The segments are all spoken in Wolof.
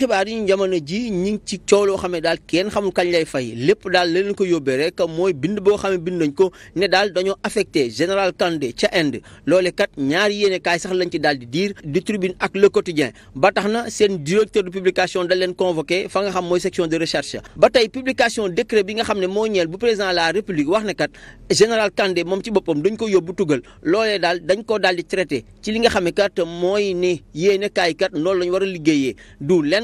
xibaar yi jamono ji ñi ngi ci coow loo xam ne daal kenn xamul kañ lay fay lépp daal leneen ko yóbbee rek mooy bind boo xam ne bind nañ ko ne daal dañoo affecté général Kandé ca Inde loole kat ñaari yéenekaay sax lañ ci daal di diir di tribune ak le quotidien ba tax na seen directeur de publication da leen convoqué fa nga xam mooy section de recherche ba tey publication décret bi nga xam ne moo ñeel bu président la république wax ne kat général Kandé moom ci boppam dañ ko yóbbu tugal loolee daal dañ ko daal di traité ci li nga xam ne kat mooy ne yéenekaay kat noonu lañ war a liggéeyee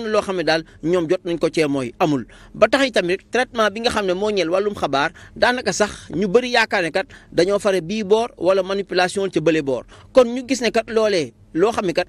lenn loo xam ne daal ñoom jot nañ ko cee mooy amul ba tax tamit traitement bi nga xam ne moo ñeel wàllum xabaar daanaka sax ñu bëri yaakaar ne kat dañoo fare bii boor wala manipulation ci bële boor kon ñu gis ne kat loolee loo xam ne kat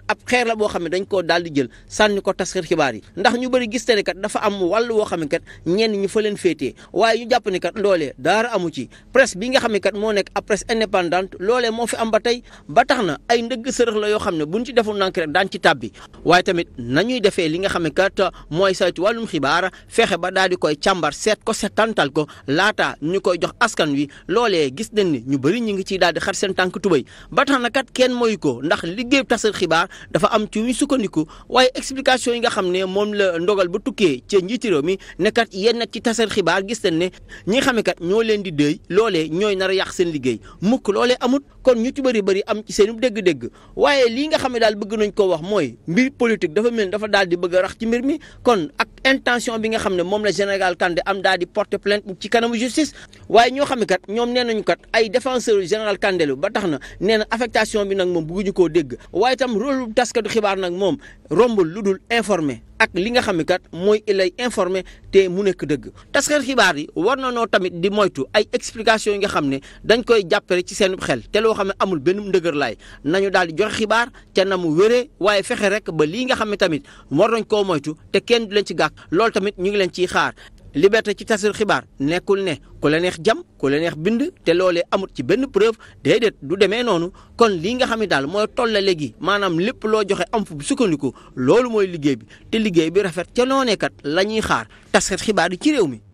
boo xam ne dañ koo daal di jël sànni ko tasxir xibaar yi ndax ñu bëri gis te ne kat dafa am wàll woo xam ne kat ñenn fa leen féetee waaye ñu jàpp ne kat loolee daara amu ci presse bi nga xam ne kat moo nekk ab presse indépendante moo fi am ba tey ba tax na ay ndëgg sërëx la yoo xam ne bu buñ ci defoon nank rek daan ci tàbbi waaye tamit nañuy defee li nga xam ne kat mooy saytu wàllum xibaar fexe ba daal di koy càmbar seet ko seetantal ko laata ñu koy jox askan wi loolee gis nañ ni ñu bëri ñu ngi ciy daal di xar seen tànk tubay ba tax na kat kenn mooy ko ndax liggéey tasar xibaar dafa am ci yu sukkandiku waaye explication yi nga xam ne moom la ndogal ba tukkee ca njiiti réew mi ne kat yéen nag ci tasar xibaar gis nañ ne ñi nga xam ne ñoo leen di dëy loole ñooy nar a yàq seen liggéey mukk loolee amut kon ñu ci bëri bari am ci seen dégg-dégg waaye lii nga xam ne daal bëgg nañ koo wax mooy mbir politique dafa mel dafa daal di bëgg a rax ci mbir mi kon ak intention bi nga xam ne moom la général Kandé am daal di porter plainte ci kanamu justice waaye ñoo xam ne kat ñoom nee nañu kat ay défenseur général Kandé lu ba tax na nee affectation bi nag moom bëgguñu koo dégg waaye itam rôle taskatu xibaar nag moom rombul lu dul informé ak li nga xam ne kat mooy lay informé te mu nekk dëgg taskar xibaar yi war na noo tamit di moytu ay explication yi nga xam ne dañ koy jàppale ci seen xel te loo xam ne amul benn ndëgër laay nañu daal di joxe xibaar ca na mu wéree waaye fexe rek ba lii nga xam ne tamit war nañ koo moytu te kenn du leen ci gàkk loolu tamit ñu ngi leen ciy xaar liberté ci tasir xibaar nekkul ne ku la neex jam ku la neex bind te loole amut ci benn preuve déedéet du demee noonu kon lii nga xam ne daal mooy tollale gi maanaam lépp loo joxe am fu sukkandiku loolu mooy liggéey bi te liggéey bi rafet ca loo nekkat la ñuy xaar tasir xibaar yi ci réew mi.